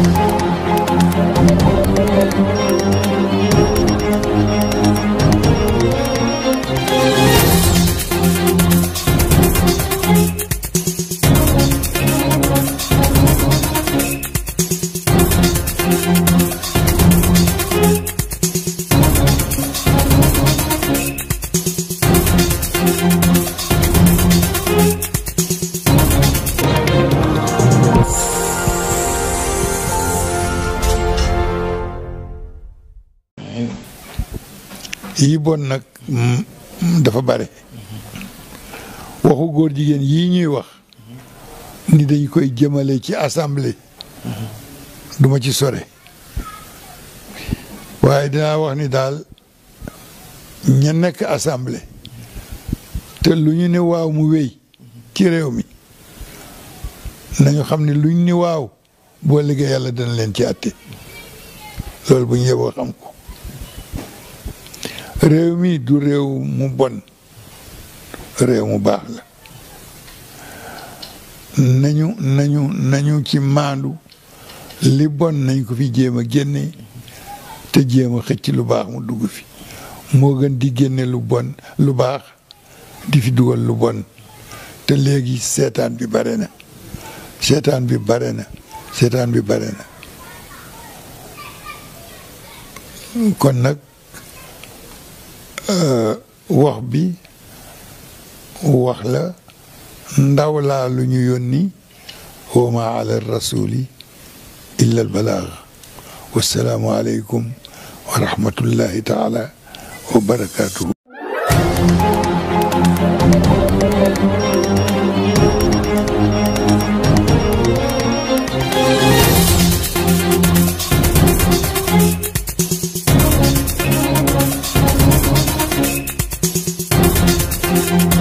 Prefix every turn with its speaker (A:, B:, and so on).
A: Thank you. yi bon nag mm, dafa bare waxu góor jigéen yii ñuy wax ni dañ koy jëmale ci assemblée duma ci sore waaye dinaa wax ni daal ña nekk assemblée te luñu ni waw mu wéy ci réew mi nañu xam ne luñ ñu ni waaw boo liggéey yàlla dana leen ci àtte loolu bu ñu yeboo xam ko réew mi du réew mu bon réew mu baax la nañu nañu nañu ci maandu li bon nañ ko fi jéem a génne te jéem a xëcc lu baax mu dugg fi moo gën di génne lu bon lu baax di fi dugal lu bon te léegi seetaan seetaan bi bare na seetaan bi bare na kon nag wax bi wax la ndaw laa lu ñu yónni wa ma ala rasuli illa al balaag wassalaamu aleykum wa rahmatullahi taala wa barakatuhu Thank you.